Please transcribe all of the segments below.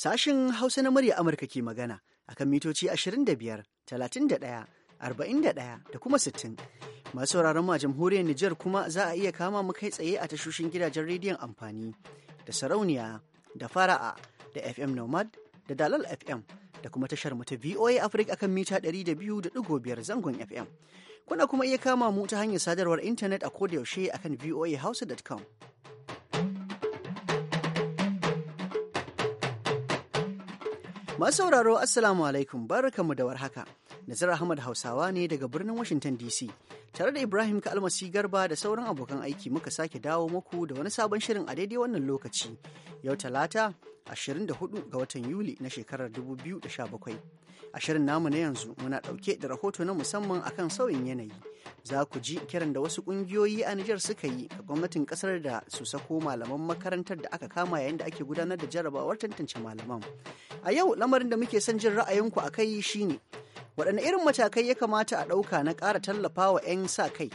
Sashin Hausa na murya Amurka ke magana akan mitoci 25, 31, 41 da kuma 60. Masu sauraron ma jamhuriyar Nijar kuma za a iya kama mu kai tsaye a tashoshin gidajen rediyon amfani da sarauniya da fara'a da FM Nomad da Dalal FM da kuma tashar mu ta VOA Africa akan mita 200.5 zangon FM. Kuna kuma iya kama mu ta hanyar sadarwar intanet a kodayaushe akan voahausa.com. Masu sauraro Assalamu alaikum barkamu da warhaka. Nazar Ahmad Hausawa ne daga birnin Washington DC tare da Ibrahim Kalmasi Garba da sauran abokan aiki muka sake dawo muku da wani sabon shirin a daidai wannan lokaci. Yau Talata 24 ga watan Yuli na shekarar 2017. A shirin namu na yanzu muna ɗauke da rahoto na musamman akan sauyin yanayi. Za ku ji kiran da wasu ƙungiyoyi a Nijar suka yi ga gwamnatin ƙasar da su sako malaman makarantar da aka kama yayin da ake gudanar da jarabawar tantance malaman. A yau lamarin da muke son jin ra'ayinku a kai shine waɗanne irin matakai ya kamata a ɗauka na ƙara tallafa wa 'yan sa kai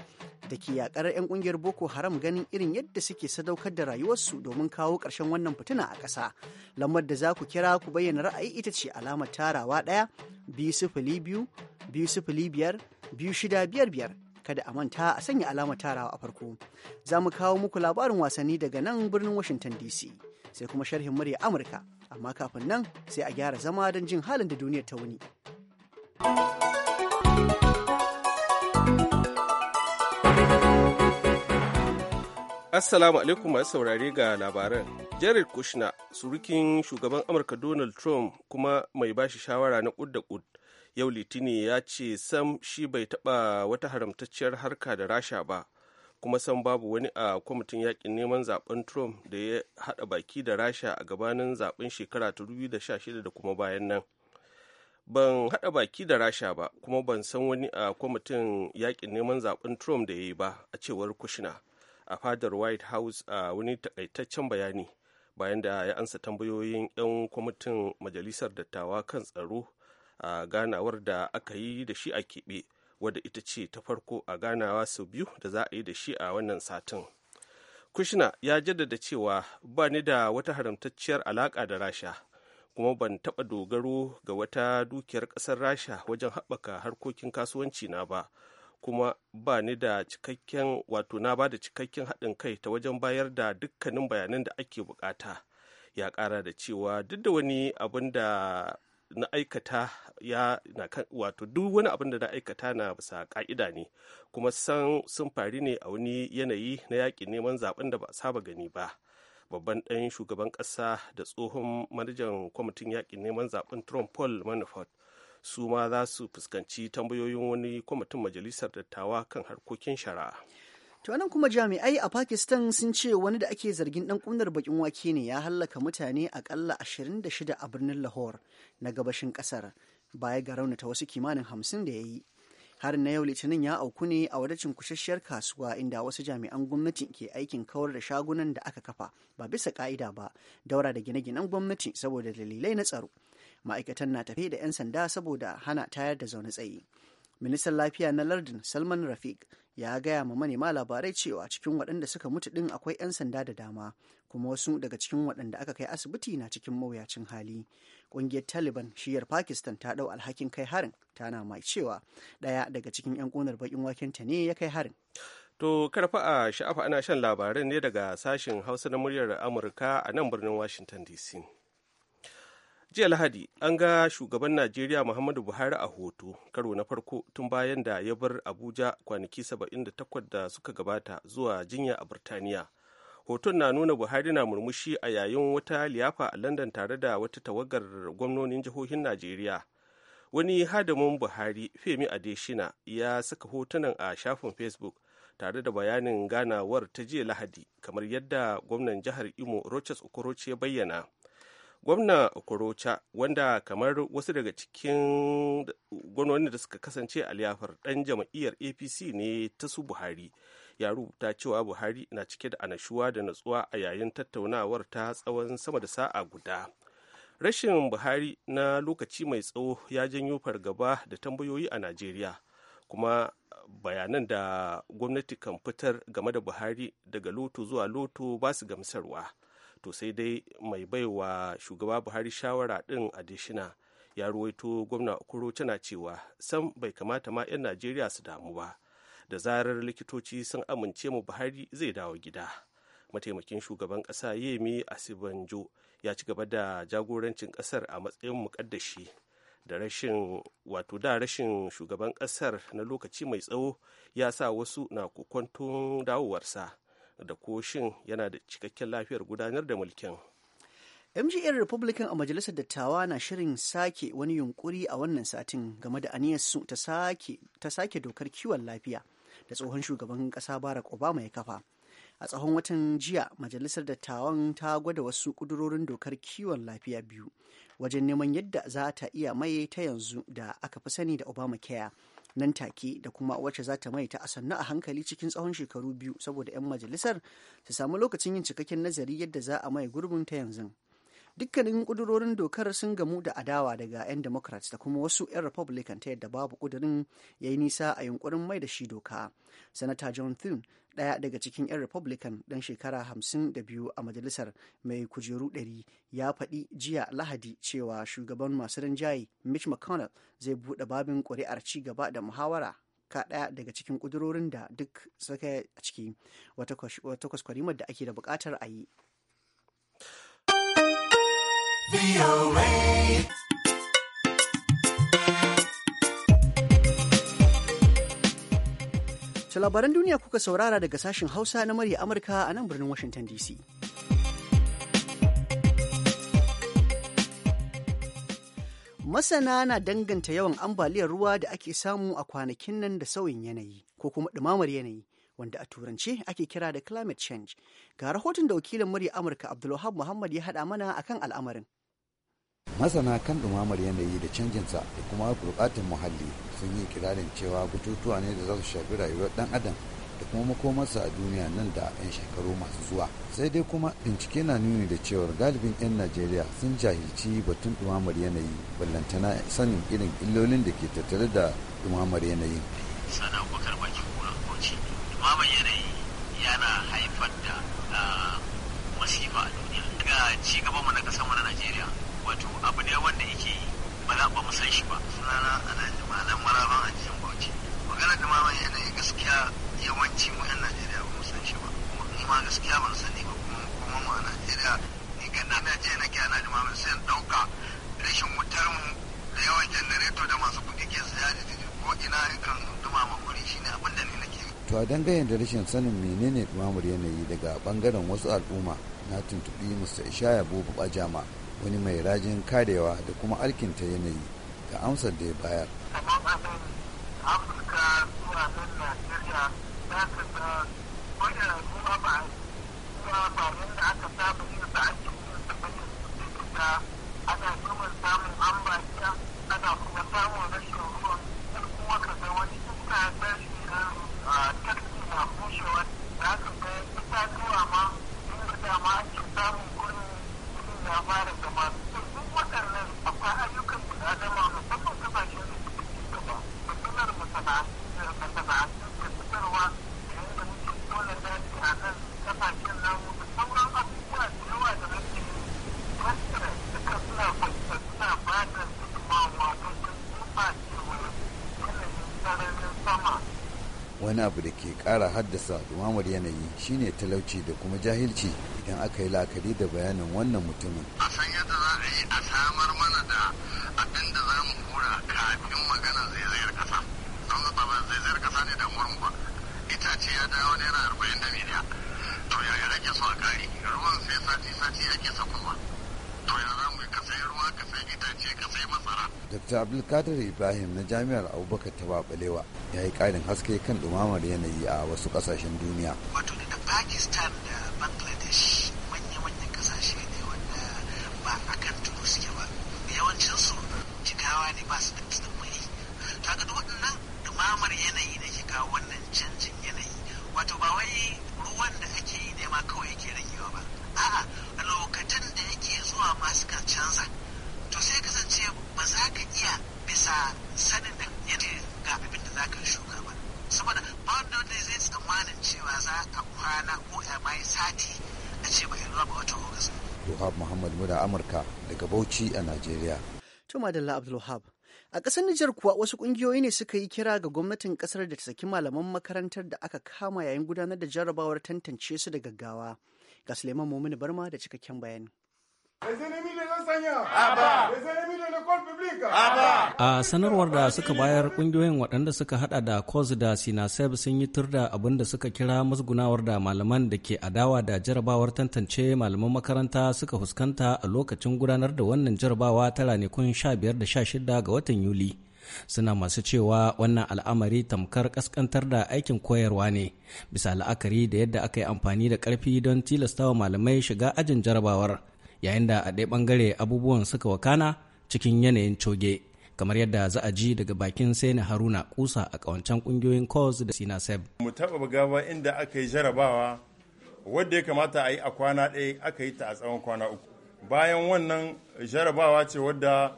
da ke yakar 'yan ƙungiyar boko haram ganin irin yadda suke sadaukar da rayuwarsu domin kawo ƙarshen wannan fitina a ƙasa lamar da za ku kira ku bayyana ra'ayi ita ce alamar tarawa ɗaya biyu sifili biyu biyu sifili biyar biyu shida biyar biyar kada a manta a sanya alamar tarawa a farko za mu kawo muku labarin wasanni daga nan birnin washington dc sai kuma sharhin murya amurka amma kafin nan sai a gyara zama don jin halin da duniyar ta wuni. Assalamu alaikum masu saurare ga labaran. Jared Kushner, surukin shugaban Amurka Donald Trump kuma mai bashi shawara na kud da kud. Yau Litini ya ce Sam shi bai taɓa wata haramtacciyar harka da rasha ba, kuma Sam babu wani a kwamitin yakin neman zaben Trump da ya haɗa baki da rasha a gabanin zaben shekara ta 2016 da kuma bayan nan. ban haɗa baki da rasha ba kuma ban san wani a ah, kwamitin yakin neman zaben trump da ya yi ba a cewar kushina a fadar white house a ah, wani takaitaccen bayani bayan da ya ansa tambayoyin 'yan kwamitin majalisar dattawa kan tsaro a ah, ganawar da aka yi da shi a keɓe wadda ita ce ta farko a ganawa sau biyu da za a yi da shi a wannan satin kushina ya jaddada cewa ba ni da wata haramtacciyar alaka da rasha kuma ban taɓa dogaro ga wata dukiyar ƙasar rasha wajen haɓaka harkokin kasuwanci na ba kuma ba ni da cikakken wato na ba da cikakken haɗin kai ta wajen bayar da dukkanin bayanan da ake bukata ya ƙara da cewa duk da wani abin da na aikata ya na wato duk wani abin da na aikata na bisa ka'ida ne kuma san sun fari ne a wani yanayi na yaƙin neman zaben da ba saba gani ba babban ɗan shugaban ƙasa da tsohon manajan kwamitin yaƙin neman zaɓen trump paul manafort su ma za su fuskanci tambayoyin wani kwamitin majalisar dattawa kan harkokin shari'a To nan kuma jami'ai a Pakistan sun ce wani da ake zargin dan ƙunar bakin wake ne ya hallaka mutane akalla 26 a birnin Lahore na gabashin kasar baya ga raunata wasu kimanin hamsin da ya yi har na yau litinin ya auku ne a wadacin kusasshiyar kasuwa inda wasu jami'an gwamnati ke aikin kawar da shagunan da aka kafa ba bisa ka'ida ba daura da gine-ginen gwamnati saboda dalilai na tsaro ma'aikatan na tafe da 'yan sanda saboda hana tayar da zaune tsaye ministan lafiya na lardin salman rafiq ya gaya ma manema labarai cewa cikin waɗanda suka mutu ɗin akwai 'yan sanda da dama kuma wasu daga cikin waɗanda aka kai asibiti na cikin mawuyacin hali ƙungiyar taliban shiyar pakistan ta dau alhakin kai harin tana mai cewa daya daga cikin 'yan bakin baƙin wakenta ne ya kai harin to karfa a sha'afa ana shan labaran ne daga sashin hausa na muryar amurka a nan birnin washington dc jiya lahadi an ga shugaban najeriya muhammadu buhari a hoto karo na farko tun bayan da ya bar abuja kwanaki 78 da suka gabata zuwa jinya a burtaniya hoton na nuna buhari na murmushi a yayin wata liyafa a london tare da wata tawagar gwamnonin jihohin najeriya wani hadamin buhari femi adeshina ya saka hotunan a shafin facebook tare da bayanin ganawar ta jiya lahadi kamar yadda gwamnan jihar imo rochas okoroche ya bayyana gwamna okorocha wanda kamar wasu daga cikin gwamnoni da suka kasance a liyafar dan jam'iyyar apc ne ta su buhari ya rubuta cewa buhari na cike da anashuwa da natsuwa a yayin tattaunawar ta tsawon sama da sa'a guda rashin buhari na lokaci mai tsawo ya janyo fargaba da tambayoyi a najeriya kuma bayanan da gwamnati kan fitar game da buhari daga loto zuwa loto ba su gamsarwa to sai dai mai baiwa shugaba buhari shawara din adishina ya ruwaito gwamna okoro tana cewa sam bai kamata ma 'yan najeriya su damu ba da zarar likitoci sun amince mu buhari zai dawo gida mataimakin shugaban ƙasa yemi asibanjo ya ci gaba da jagorancin ƙasar a matsayin muƙaddashi da rashin wato da rashin shugaban ƙasar na lokaci mai tsawo ya sa wasu na kokwanton dawowarsa da koshin yana da cikakken lafiyar gudanar da mulkin mga republican a majalisar dattawa na shirin sake wani yunkuri a wannan satin game da aniyarsu ta sake dokar kiwon lafiya da tsohon shugaban ƙasa barack obama ya kafa a tsawon watan jiya majalisar dattawan ta gwada wasu kudurorin dokar kiwon lafiya biyu wajen neman yadda za ta iya maye ta yanzu da aka fi sani da obama kaya nan take da kuma wacce za ta mai ta a sannu a hankali cikin tsawon shekaru biyu saboda 'yan majalisar su samu lokacin yin cikakken nazari yadda za a maye gurbin ta yanzu dukkanin kudurorin dokar sun gamu da adawa daga 'yan democrats da kuma wasu 'yan republican ta yadda babu kudurin ya yi nisa a yunkurin mai da shi doka sanata john thune daya daga cikin 'yan republican dan shekara 52 a majalisar mai kujeru 100 ya faɗi jiya lahadi cewa shugaban masu rinjaye mitch mcconnell zai buɗe babin ƙuri'ar ci gaba da muhawara ka ɗaya daga cikin kudurorin da duk suka ciki wata kwaskwarimar da ake da buƙatar a yi Ta labaran duniya kuka saurara daga sashen Hausa na murya Amurka a nan birnin Washington DC. Masana na danganta yawan ambaliyar ruwa da ake samu a kwanakin nan da sauyin yanayi ko kuma ɗumamar yanayi wanda a turance ake kira da climate change. Ga rahoton da wakilin murya Amurka Abdulwahab Muhammad ya haɗa mana akan al'amarin. masana kan ɗumamar yanayi da canjinsa da kuma gurɓatar muhalli sun yi kirarin cewa bututuwa ne da za su shafi rayuwar ɗan adam da kuma makomarsa a duniya nan da 'yan shekaru masu zuwa sai dai kuma bincike na nuni da cewar galibin 'yan najeriya sun jahilci batun dumamar yanayi ballantana sanin irin illolin da ke tattare da dumamar yanayi dangane da rashin sanin menene ɗumamar yanayi daga bangaren wasu al'umma na tuntuɓi mr ishaya bubu bajama wani mai rajin karewa da kuma alkinta yanayi ga amsar da ya bayar ƙara haddasa dumamar yanayi shine talauci da kuma jahilci idan aka yi la'akari da bayanin wannan mutumin. A san yadda za a yi a samar mana da abin da za mu hura kafin magana zai ƙasa. Don zaɓa zai ƙasa ne da ba. Itace ya dawo naira Dr. Abdulkadir Ibrahim na Jami'ar Abubakar ta Babalewa ya yi ƙarin haske kan ɗumamar yanayi a wasu ƙasashen duniya. Wato da Pakistan da Bangladesh To Madalla Abdulwahab. A ƙasar Nijar kuwa wasu ƙungiyoyi ne suka yi kira ga gwamnatin ƙasar da ta saki malaman makarantar da aka kama yayin gudanar da jarrabawar tantance su da gaggawa. Ga Suleiman Momini Barma da cikakken bayani. Ah ah a sanarwar da suka bayar kungiyoyin waɗanda suka hada da COS da Sinaseb sun yi tur da abin da suka kira musgunawar da malaman da ke adawa da jarabawar tantance malaman makaranta suka fuskanta a lokacin gudanar da wannan jarabawa ta ranakun 15 da 16 ga watan Yuli. suna masu cewa wannan al'amari tamkar kaskantar da aikin koyarwa ne bisa la'akari da yadda aka yi amfani da karfi don tilastawa malamai shiga ajin jarabawar yayin da a ɗaya bangare abubuwan suka wakana cikin yanayin coge kamar yadda za a ji daga bakin sani haruna kusa a ƙawancen kungiyoyin cos da sinaseb mu taɓa gaba inda aka yi jarabawa wadda ya kamata a yi a kwana ɗaya aka yi ta a tsawon kwana uku bayan wannan jarabawa ce wadda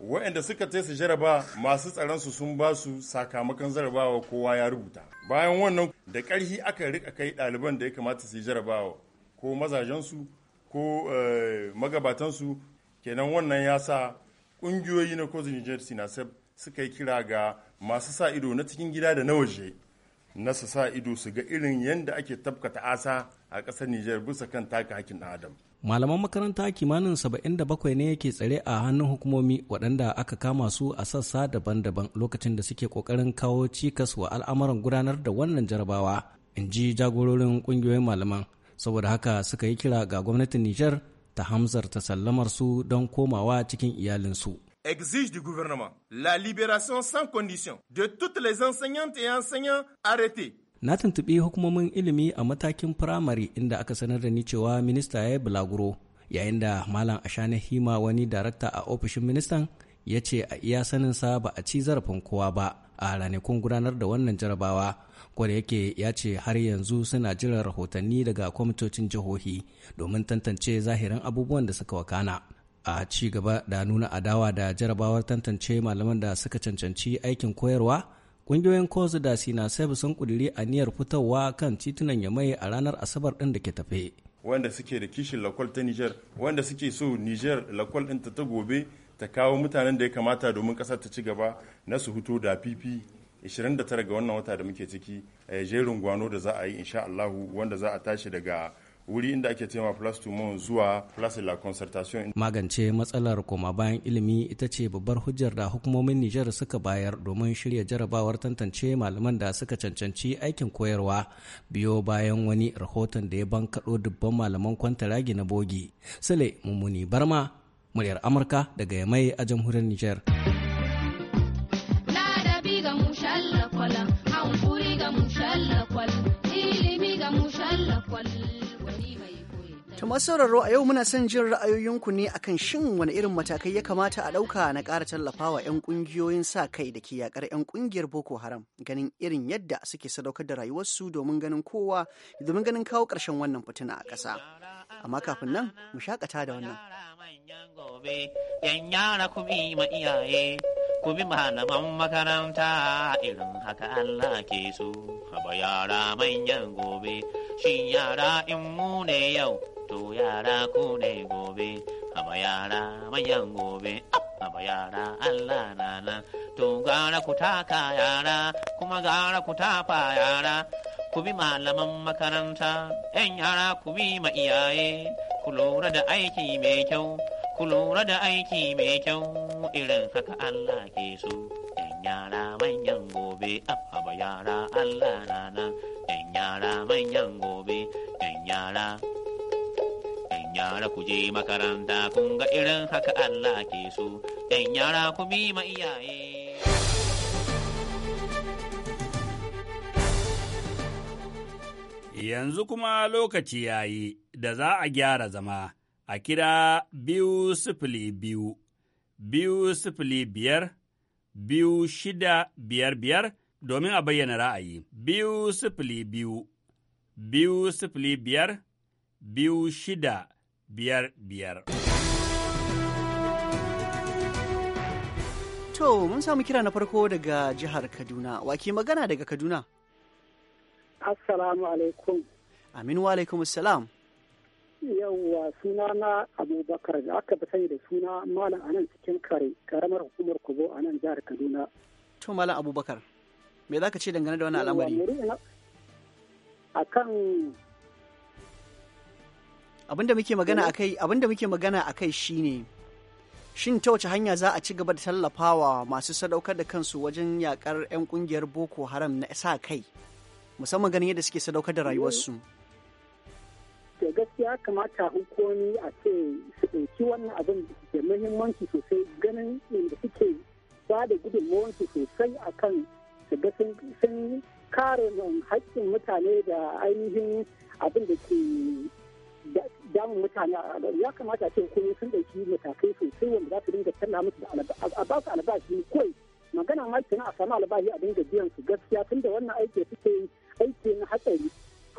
waɗanda suka taisa jaraba masu tsaronsu sun ba su sakamakon jarabawa kowa ya rubuta bayan wannan da ƙarfi aka rika kai ɗaliban da ya kamata su yi jarabawa ko mazajensu ko eh, magabatansu kenan wannan ya sa ƙungiyoyi na kozin nijar sinasef suka yi kira ga masu sa ido na cikin gida da na waje na su sa ido su ga irin yadda ake tabkata asa a ƙasar nijar bisa kan taka hakkin ɗan adam malaman makaranta kimanin 77 ne yake tsare a hannun hukumomi waɗanda aka kama su a sassa daban-daban lokacin da suke ƙoƙarin kawo cikas wa al'amuran gudanar da wannan jarabawa in ji jagororin ƙungiyoyin malaman saboda haka suka yi kira ga gwamnatin Nijar ta hamzar ta sallamar su don komawa cikin iyalinsu. exige du gouvernement la libération sans condition de toutes les enseignantes et enseignants arrêtés. Na tuntuɓi hukumomin ilimi a matakin firamare inda aka sanar da ni cewa minista ya yi bulaguro yayin da Malam Ashane Hima wani darakta a ofishin ministan ya ce a iya saninsa ba a ci zarafin kowa ba. a ranakun gudanar da wannan jarabawa kwada yake ya ce har yanzu suna jiran rahotanni daga kwamitocin jihohi domin tantance zahirin abubuwan da suka wakana a ci gaba da nuna adawa da jarabawar tantance malaman da suka cancanci aikin koyarwa ƙungiyoyin kozu da sina sai sun kuduri aniyar fitowa kan titunan yamai a ranar asabar din da ke tafe wanda suke da kishin lakwal ta niger wanda suke so niger lakwal ɗinta ta gobe ta kawo mutanen da ya kamata domin kasar ta ci gaba na su hutu da fifi 29 ga wannan wata da muke ciki a eh, jerin gwano da za a yi insha Allahu wanda za a tashi daga wuri inda ake cewa plus tumon zuwa plus la concertation magance matsalar koma bayan ilimi ita ce babbar hujjar da hukumomin Nijar suka bayar domin shirya jarabawar tantance malaman da suka cancanci aikin koyarwa biyo bayan wani rahoton da ya bankaɗo dubban malaman kwantaragi na bogi sule mummuni barma muryar Amurka daga Yamai a jamhuriyar Nijar. masu sauraro a yau muna son jin ra'ayoyinku ne akan shin wani irin matakai ya kamata a ɗauka na ƙara tallafawa 'yan ƙungiyoyin sa kai da ke yaƙar 'yan ƙungiyar Boko Haram ganin irin yadda suke sadaukar da rayuwarsu domin ganin kowa domin ganin kawo ƙarshen wannan fitina a ƙasa. Amma kafin nan mu shakata da wannan. gobe, yan yara ku bi ma iyaye, ku bi malaman makaranta irin haka Allah ke so. Haba yara manyan gobe, shi yara in mu ne yau, to yara ku ne gobe. Haba yara manyan gobe, haba yara Allah na nan. To gara ku taka yara, kuma gara ku tafa yara. ku bi malaman makaranta, ‘yan yara ku bi ma iyaye, ku lura da aiki mai kyau, ku lura da aiki mai kyau irin haka Allah ke so. ɗan yara manyan gobe, abba yara Allah nana, ɗan yara manyan gobe, ɗan yara. ɗan yara ku je makaranta kun ga irin haka Allah ke so, ɗan yara ku bi ma iyaye. Yanzu kuma lokaci yayi da za a gyara zama. a kira biyu sifili biyu, biyu sifili biyar, biyu shida biyar biyar domin a bayyana ra'ayi. Biyu sifili biyu, biyu sifili biyar, biyu shida biyar biyar. To, mun samu kira na farko daga jihar Kaduna, wake magana daga Kaduna? Assalamu alaikum. aminu wa alaikum assalam. yawwa suna na abubakar da aka fi sani da suna malam a nan cikin kare karamar hukumar Kobo a nan jihar kaduna to malam abubakar me za ka ce dangane da wani al'amari abinda muke magana akai abinda muke magana shine shin ta wace hanya za a ci gaba da tallafawa masu sadaukar da kansu wajen yakar 'yan kungiyar boko haram na sa kai musamman ganin yadda suke sadaukar da rayuwarsu. gaskiya kamata hukumi a ce su ɗauki wannan abin da muhimmanci sosai ganin inda suke ba da gudunmawarsu sosai a kan su ga sun kare haƙƙin mutane da ainihin abin da ke damun mutane a ya kamata ce kuma sun ɗauki matakai sosai wanda za su dinga talla musu da albashi albashi kawai magana ma kenan a samu albashi a dinga biyan su gaskiya tunda wannan aiki suke aiki na hatsari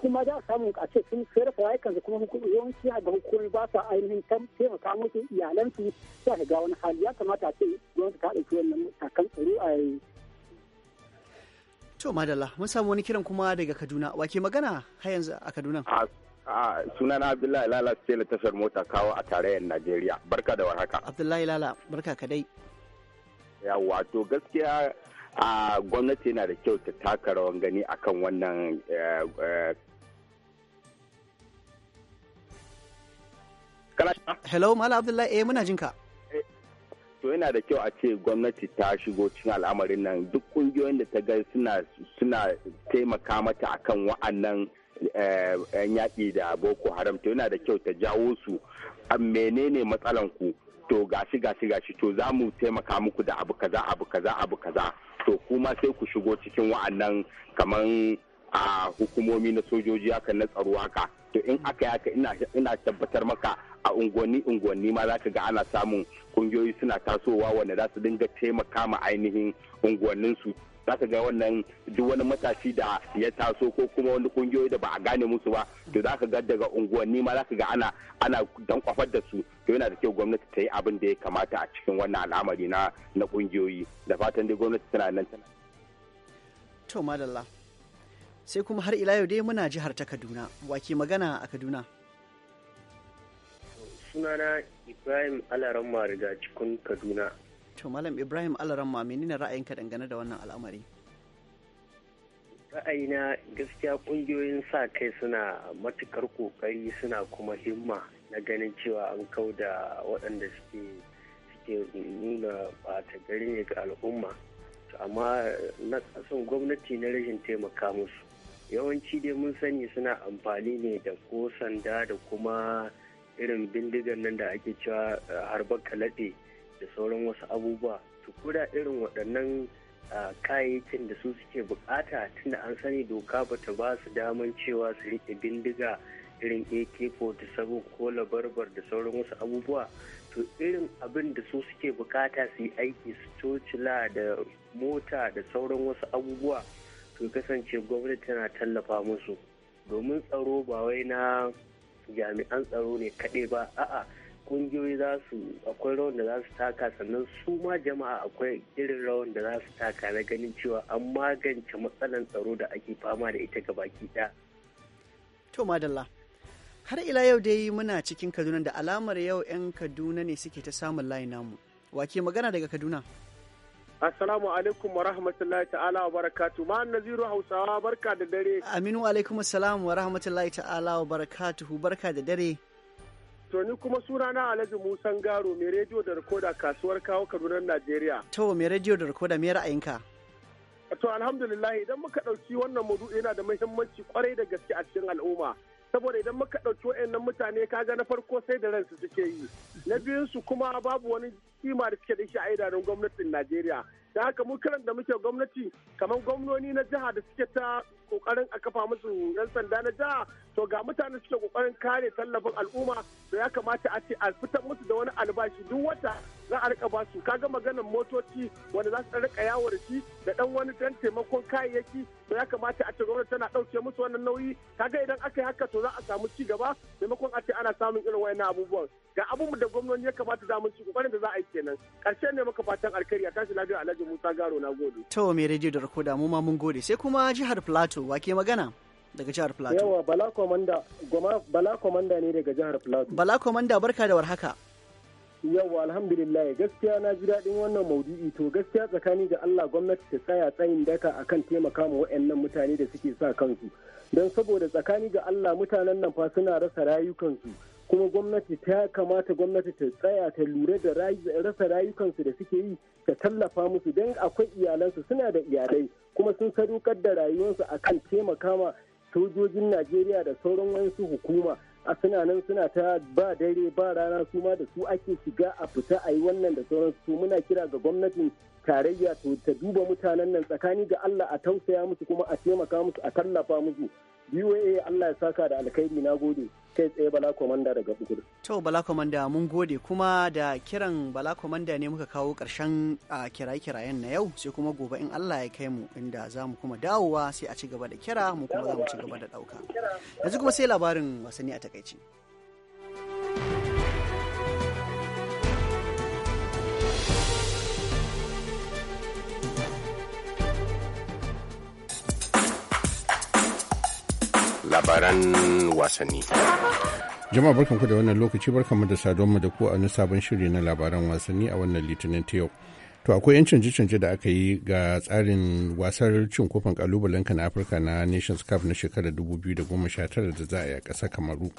kuma da samun a ce sun sayar da su kuma hukumar yawanci ga hukumar ba sa ainihin taimaka musu iyalansu su su ga wani hali ya kamata a ce gwamnati ta ɗauki wannan matakan tsaro a yayi. To madalla mun samu wani kiran kuma daga Kaduna wake magana har yanzu a Kaduna. Suna na Abdullahi Lala ce da tashar mota kawo a tarayyar Najeriya. Barka da warhaka. Abdullahi Lala barka ka dai. Yawwa to gaskiya a gwamnati na da kyau ta taka rawan gani akan wannan eh, eh, hello mala abdullahi eh muna jinka eh, to yana da kyau a ce gwamnati ta shigo cikin al'amarin nan duk kungiyoyin da ta ga suna suna taimaka mata akan wa'annan eh, yan yaƙi da boko haram to yana da kyau ta jawo su a menene matsalan ku to gashi gashi gashi to za mu taimaka muku da abu kaza abu kaza abu kaza to kuma sai ku shigo cikin wa'annan kaman a hukumomi na sojoji haka na tsaro haka to in aka yaka ina tabbatar maka a unguwanni unguwanni ma za ka ga ana samun kungiyoyi suna tasowa wanda za su dinga taimaka ma ainihin unguwanninsu za ka ga wannan duk wani matashi da ya taso ko kuma wani kungiyoyi da ba a gane musu ba to za ka ga daga unguwanni ma za ka ga ana ana dan kwafar da su to yana da kyau gwamnati ta yi abin da ya kamata a cikin wannan al'amari na na kungiyoyi da fatan dai gwamnati tana nan tana to madalla sai kuma har ila yau dai muna jihar ta Kaduna wake magana a Kaduna sunana Ibrahim alaramma daga cikin Kaduna. To Malam Ibrahim alaramma menene ra'ayinka dangane da wannan al'amari? Ra'ayina gaskiya kungiyoyin sa kai suna matukar kokari suna kuma himma na ganin cewa an kau da waɗanda suke suke nuna ɓata gari ne ga al'umma. amma na ƙasan gwamnati na rashin taimaka musu. Yawanci dai mun sani suna amfani ne da ko sanda da kuma irin bindigan nan da ake cewa eh, harbar kalade da sauran wasu abubuwa su kuda irin waɗannan eh, kayayyakin da su suke bukata tunda an sani doka ba ta ba su daman cewa su rike bindiga irin ak-47 ko labarbar da sauran wasu abubuwa to irin abin da su suke bukata su yi aiki su cocila da mota da sauran wasu abubuwa to kasance gwamnati tana tallafa musu domin tsaro ba wai na jami'an tsaro ne kaɗai ba a'a kungiyoyi za su akwai rawan da za su taka sannan su ma jama'a akwai irin rawan da za su taka na ganin cewa an magance matsalar tsaro da ake fama da ita gabaki ɗaya. To madalla. Har ila yau dai muna cikin Kaduna da alamar yau 'yan Kaduna ne suke ta samun layi namu. Wake magana daga Kaduna? Assalamu alaikum wa rahmatullahi ta'ala wa barakatu. Ma'an naziru Hausawa barka da dare. Aminu alaikum assalam wa rahmatullahi ta'ala wa barakatuhu barka da dare. To ni kuma sunana Alhaji Musan Garo mai rediyo da rikoda kasuwar kawo Kaduna Najeriya. To mai rediyo da rikoda me ra'ayinka? To alhamdulillah idan muka ɗauki wannan mudu yana da muhimmanci kwarai da gaske a cikin al'umma. saboda idan muka ɗauki wa'annan mutane kaga na farko sai da ransu suke yi na biyunsu kuma babu wani kima da suke da shi a idanun gwamnatin najeriya da haka mu kiran da muke gwamnati kamar gwamnoni na jiha da suke ta kokarin a kafa musu yan sanda na jiha to ga mutane suke kokarin kare tallafin al'umma to ya kamata a ce a fitar musu da wani albashi duk wata za a rika basu kaga maganar motoci wanda za su rika yawo da shi da dan wani dan taimakon kayayyaki to ya kamata a ce gwamnati tana dauke musu wannan nauyi ga idan aka yi haka to za a samu ci gaba maimakon a ce ana samun irin wayannan abubuwan ga abubuwan da gwamnati ya kamata da mun ci kokarin da za a yi kenan karshe ne muka fatan alkhairi a tashi lafiya alhaji Alhaji Musa Garo na gode. To mai rediyo da rakoda mu ma mun gode sai kuma jihar Plateau wake magana. daga jihar Plateau. Yawa Bala Komanda, goma Bala Komanda ne daga jihar Plateau. Bala Komanda barka da warhaka. Yawa alhamdulillah gaskiya na ji daɗin wannan maudu'i to gaskiya tsakani da Allah gwamnati ta tsaya tsayin daka akan taimaka ma waɗannan mutane da suke sa kansu. Don saboda tsakani ga Allah mutanen nan fa suna rasa rayukansu kuma gwamnati ta kamata gwamnati ta tsaya ta lura da rasa rayukansu da suke yi ta tallafa musu don akwai iyalansu suna da iyalai kuma sun sadaukar da rayuwarsu akan taimakama sojojin najeriya da sauran wasu hukuma a suna nan suna ta ba dare ba rana su ma da su ake shiga a fita a yi wannan da sauransu su muna kira ga gwamnatin tarayya ta duba mutanen nan tsakani ga allah a tausaya musu kuma a taimaka musu a tallafa musu BOA Allah ya saka da alkhairi na gode. kai tsaye bala komanda daga bukur. To bala komanda mun gode kuma da kiran bala komanda ne muka kawo ƙarshen kiraye-kirayen na yau sai kuma gobe in Allah ya kai mu inda za mu kuma dawowa sai a ci gaba da kira mu kuma za mu ci gaba da ɗauka. Yanzu kuma sai labarin wasanni a takaici. labaran wasanni. Jama'a barkanku da wannan lokaci barkanmu da mu da ku a na sabon shiri na labaran wasanni a wannan litinin ta yau. To akwai 'yan canje-canje da aka yi ga tsarin wasar cin kofin kalubalen na Afirka na Nations Cup na shekarar 2019 da za a yi a ƙasa Kamaru.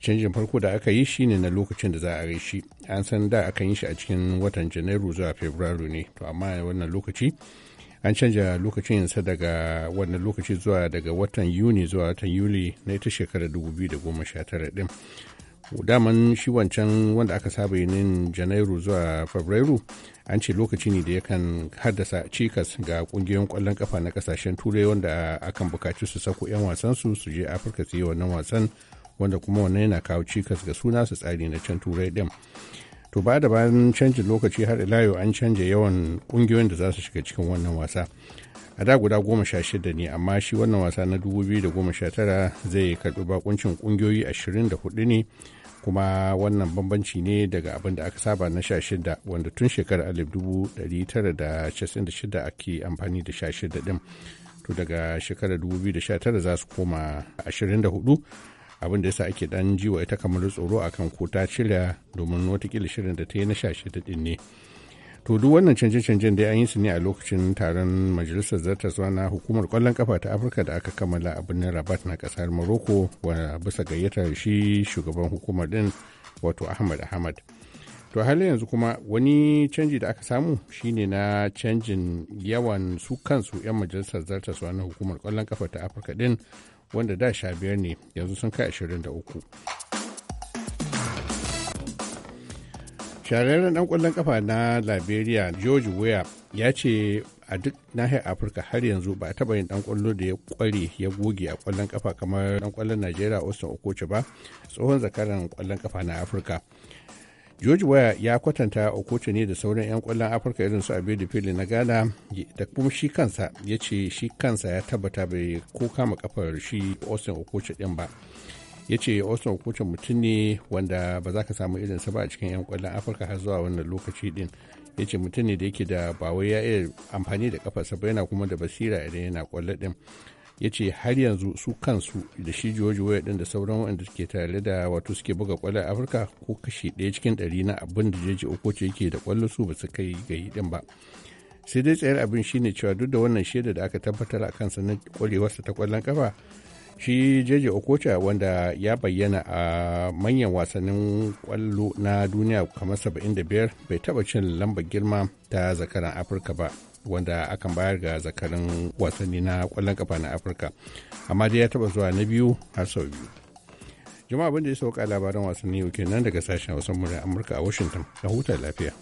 Canjin farko da aka yi shine na lokacin da za a yi shi. An san da akan yi shi a cikin watan Janairu zuwa Fabrairu ne. To amma wannan lokaci an canja lokacin sa daga wannan lokaci zuwa daga watan yuni zuwa watan yuli na ita shekarar 2019 din daman shi wancan wanda aka saba yin janairu zuwa fabrairu an ce lokaci ne da yakan haddasa cikas ga kungiyoyin kwallon kafa na kasashen turai wanda akan bukaci su sako 'yan wasansu su je afirka su yi wannan wasan wanda kuma wannan yana kawo cikas ga suna su tsari na can turai din to ba da bayan canjin lokaci har ila yau an canja yawan kungiyoyin da za su shiga cikin wannan wasa a da guda goma sha shida ne amma shi wannan wasa na dubu biyu da goma sha tara zai karɓi bakuncin kungiyoyi ashirin da hudu ne kuma wannan bambanci ne daga abin da aka saba na sha shida wanda tun shekarar alif dubu ɗari tara da casa'in da shida ake amfani da sha shida ɗin to daga shekarar dubu biyu da sha tara za su koma ashirin da hudu abin da yasa ake dan jiwa ita kamar tsoro akan ko ta cire domin watakila shirin da ta yi na shashe ta din ne to duk wannan canje-canjen da an yi su ne a lokacin taron majalisar zartaswa na hukumar kwallon kafa ta afirka da aka kammala a birnin rabat na kasar morocco wa bisa gayyatar shi shugaban hukumar din wato ahmad ahmad to halin yanzu kuma wani canji da aka samu shine na canjin yawan su kansu 'yan majalisar zartaswa na hukumar kwallon kafa ta afirka din wanda da sha biyar ne yanzu sun kai ashirin da uku. shahararren dan kwallon kafa na liberia george weah ya ce a duk nahiyar afirka har yanzu ba a taba yin dan kwallo da ya kware ya goge a kwallon kafa kamar dan kwallon najeriya austin okocha ba tsohon zakaran kwallon kafa na afirka George Weah ya kwatanta Okocha ne da sauran 'yan kwallon Afirka irin su da Fili na Ghana da kuma shi kansa ya ce shi kansa ya tabbata bai ko kama kafar shi Austin Okocha din ba. Ya ce Austin Okocha mutum ne wanda ba za ka samu irinsa ba a cikin 'yan kwallon Afirka har zuwa wannan lokaci din. Ya ce mutum ne da yake da ba ya iya amfani da kafarsa ba yana kuma da basira idan yana kwallo din. ya ce har yanzu su kansu da shi George Weah din da sauran waɗanda ke tare da wato suke buga kwallo a Afirka ko kashi ɗaya cikin ɗari na abin da Jeji ce yake da kwallo su ba su kai ga hidin ba. Sai dai tsayar abin shine cewa duk da wannan shaida da aka tabbatar a kan na kwarewarsa ta kwallon kafa shi jeje okocha wanda ya bayyana a manyan wasannin kwallo na duniya kamar 75 bai taba cin lambar girma ta zakaran afirka ba wanda akan bayar ga zakarin wasanni na kwallon kafa na afirka amma dai ya taba zuwa na biyu har sau biyu jama'a abin da ya sauka labaran wasanni yau nan daga sashen wasan murya amurka a washington da huta lafiya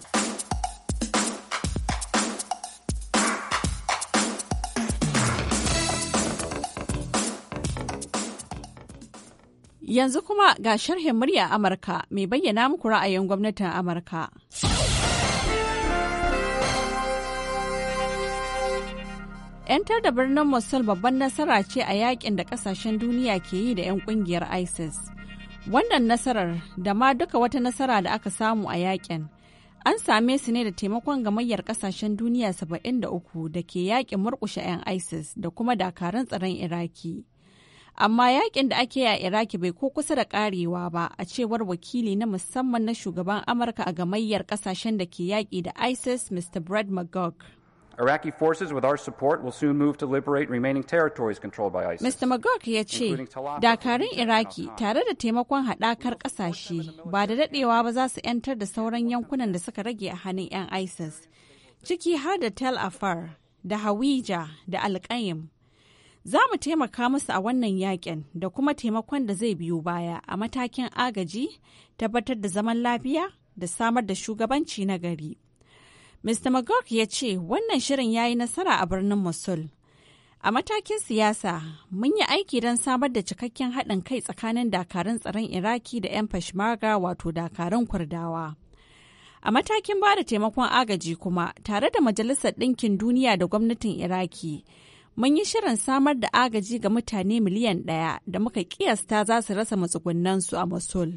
Yanzu kuma ga sharhin murya Amurka mai bayyana muku ra'ayin gwamnatin Amurka. 'yantar da birnin mosul babban nasara ce a yakin da kasashen duniya ke yi da 'yan kungiyar isis wannan nasarar da ma duka wata nasara da aka samu a yakin an same su ne da taimakon gamayyar kasashen duniya 73 da ke yakin murkushe 'yan isis da kuma dakarun tsaron iraki amma yakin da ake yi a iraki bai ko kusa da karewa ba a cewar wakili na musamman na shugaban amurka a gamayyar kasashen da ke yaƙi da isis mr brad mcgurk Iraqi forces with our support will soon move to liberate remaining territories controlled by ISIS. Mr. McGurk ya ce, dakarun Iraki tare da taimakon haɗakar ƙasashe ba da daɗewa ba za su 'yantar da sauran yankunan da suka rage a hannun 'yan ISIS, ciki har da Tel Afar, da Hawija, da Alƙayim. Za mu taimaka musu a wannan yakin da kuma taimakon da zai biyo baya a matakin agaji, tabbatar da zaman lafiya da samar da shugabanci na gari. Mr. McGurk ya ce wannan shirin ya yi nasara a birnin Mosul. A matakin siyasa, mun yi aiki don samar da cikakken haɗin kai tsakanin dakarun tsaron Iraki da 'yan Peshmerga wato dakarun Kurdawa. A matakin ba da taimakon agaji kuma, tare da Majalisar Ɗinkin Duniya da gwamnatin Iraki, mun yi shirin samar da agaji ga mutane miliyan ɗaya da muka ƙiyasta za su rasa matsugunansu a Mosul.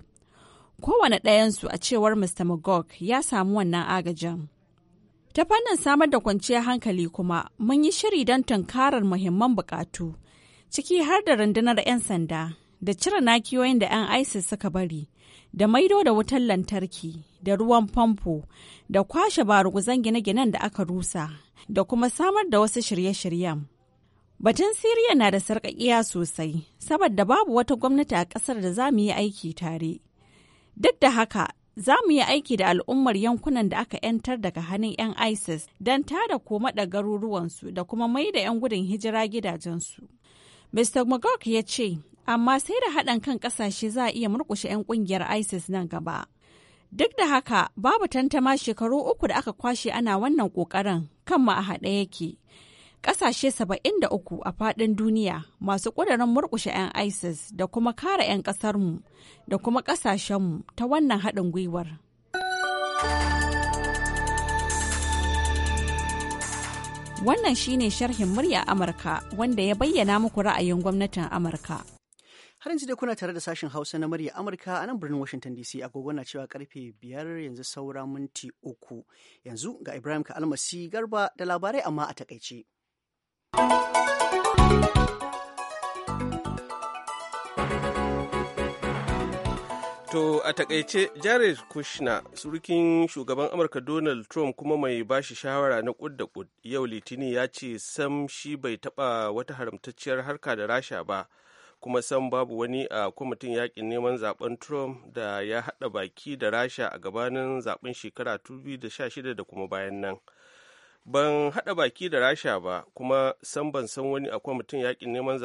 Kowane ɗayansu a cewar Mr. Magog ya samu wannan agajin. Ta fannin samar da kwanciyar hankali kuma mun yi shiri don tunkarar muhimman bukatu, ciki har da rundunar 'yan sanda da cire nakiyoyin da 'yan ISIS suka bari, da maido da wutar lantarki, da ruwan famfo, da kwashe baruguzan gine-ginen da aka rusa, da kuma samar da wasu shirye-shiryen. Batun Siriya na da sarƙaƙiya sosai, saboda babu wata gwamnati a ƙasar da za mu yi aiki tare. Duk da haka, Za mu yi aiki da al'ummar yankunan da aka 'yantar daga hannun 'yan ISIS don tada koma da garuruwansu da kuma mai da 'yan gudun hijira gidajensu. Mr. McGurk ya ce, amma sai da haɗin kan ƙasashe za a iya murƙushe 'yan ƙungiyar ISIS nan gaba. Duk da haka, babu tantama shekaru uku da aka kwashe ana wannan ƙoƙarin, kan ma a haɗe yake. kasashe 73 a fadin duniya masu kudurin murkushe 'yan ISIS da kuma kara 'yan kasarmu da kuma kasashenmu ta wannan haɗin gwiwar. Wannan shine sharhin murya Amurka wanda ya bayyana muku ra'ayin gwamnatin Amurka. Har yanzu dai kuna tare da sashen Hausa na murya Amurka a nan birnin Washington DC agogo na cewa karfe biyar yanzu saura minti uku. Yanzu ga Ibrahim ka Almasi Garba da labarai amma a takaice. To a takaice Jared Kushner surukin shugaban Amurka Donald Trump kuma mai bashi shawara na kud da kud yau litini ya ce sam shi bai taba wata haramtacciyar harka da rasha ba kuma san babu wani a kwamitin yakin neman zaben Trump da ya hada baki da rasha a gabanin zaben shekara 2016 da kuma bayan nan. ban haɗa baki da rasha ba kuma san ban san wani a kwamitin yakin neman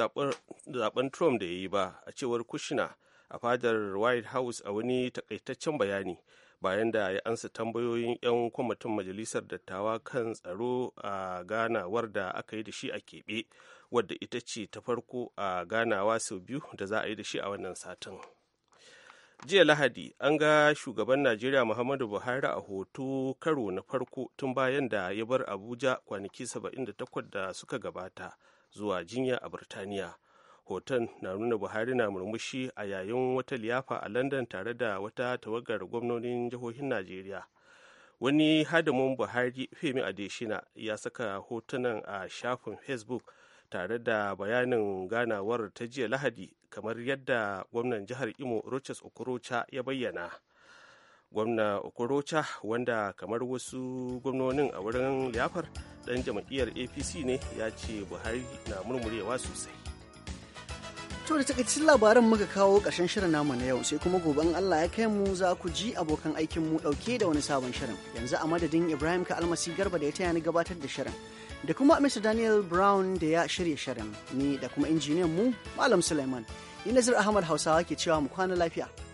zaben trump da ya yi ba a cewar kushina a fadar white house a wani takaitaccen bayani bayan da ya ansa tambayoyin 'yan kwamitin majalisar dattawa kan tsaro a ganawar da aka yi da shi a keɓe wadda ita ce ta farko a ganawa sau biyu da za a yi da shi a wannan satin. jiya lahadi an ga shugaban najeriya muhammadu buhari a hoto karo na farko tun bayan da ya bar abuja kwanaki 78 da suka gabata zuwa jinya a Burtaniya hoton na nuna buhari na murmushi a yayin wata liyafa a london tare da wata tawagar gwamnonin jihohin najeriya wani hadimin buhari femi adeshina ya saka hotunan a shafin facebook tare da bayanin ganawar ta jiya lahadi kamar yadda gwamnan jihar imo rochas okorocha ya bayyana gwamna okorocha wanda kamar wasu gwamnonin a wurin liyafar dan jam'iyyar apc ne ya ce buhari na murmurewa sosai to da takaicin labaran muka kawo ƙarshen shirin namu na yau sai kuma gobe in Allah ya kai mu za ku ji abokan aikin mu ɗauke da wani sabon shirin yanzu a madadin Ibrahim ka almasi garba da ya taya ni gabatar da shirin da kuma Mr. Daniel Brown da ya shirya shirin ni da kuma injiniyan mu Malam Suleiman. Ni Nazir Ahmad Hausawa ke cewa mu kwana lafiya.